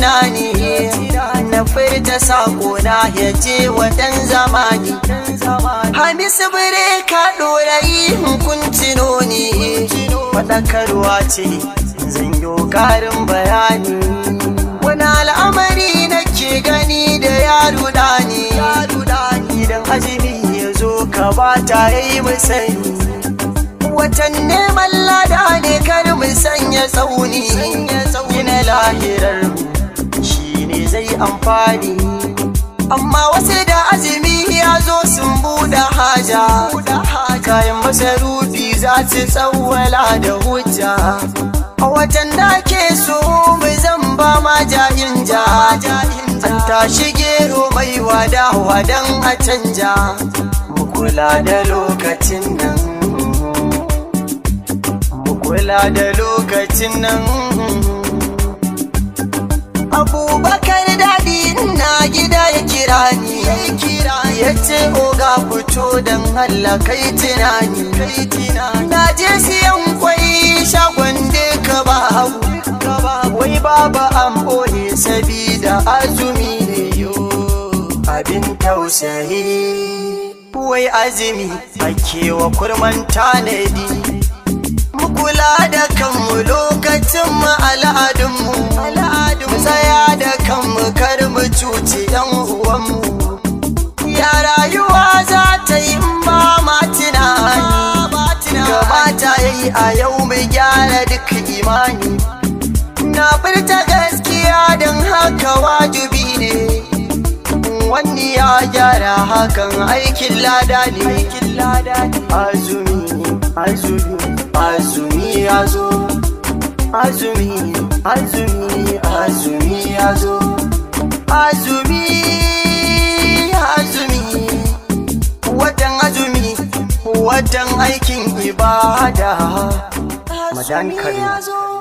tunani na furta sakona ya je watan zamani hamisu bire ka ɗorayi hukunci noni faɗakarwa ce zan yi ƙarin bayani wani al'amari na ke gani da yaro ɗani idan hajimi ya zo ka ba ta yi musani watan neman lada ne kar mu sanya tsauni na lahirar amfani amma wasu da azumi ya zo sun buɗe haja kayan masarufi za su tsawwala da hujja a watan da ke so mai zan ba ma jayin ja an tashi gero mai wada wadan a canja kula da lokacin nan kula da lokacin nan abubakar tunani ya kira ya oga fito dan Allah kai tunani kai tunani na je siyan kwai shagon da ka ba wai baba an boye sabida azumi ne yo abin tausayi wai azumi ake wa kurman tanadi mu kula da kanmu cuci uwan uwanmu ya rayuwa za ta yi ba matina kamata ya yi a yau mu gyara duk imani na furta gaskiya don haka wajibi ne wani ya gyara hakan aikin lada ne azumi azumi azumi azumi azumi azumi azumi azumi watan azumi watan aikin ibada azumi azumi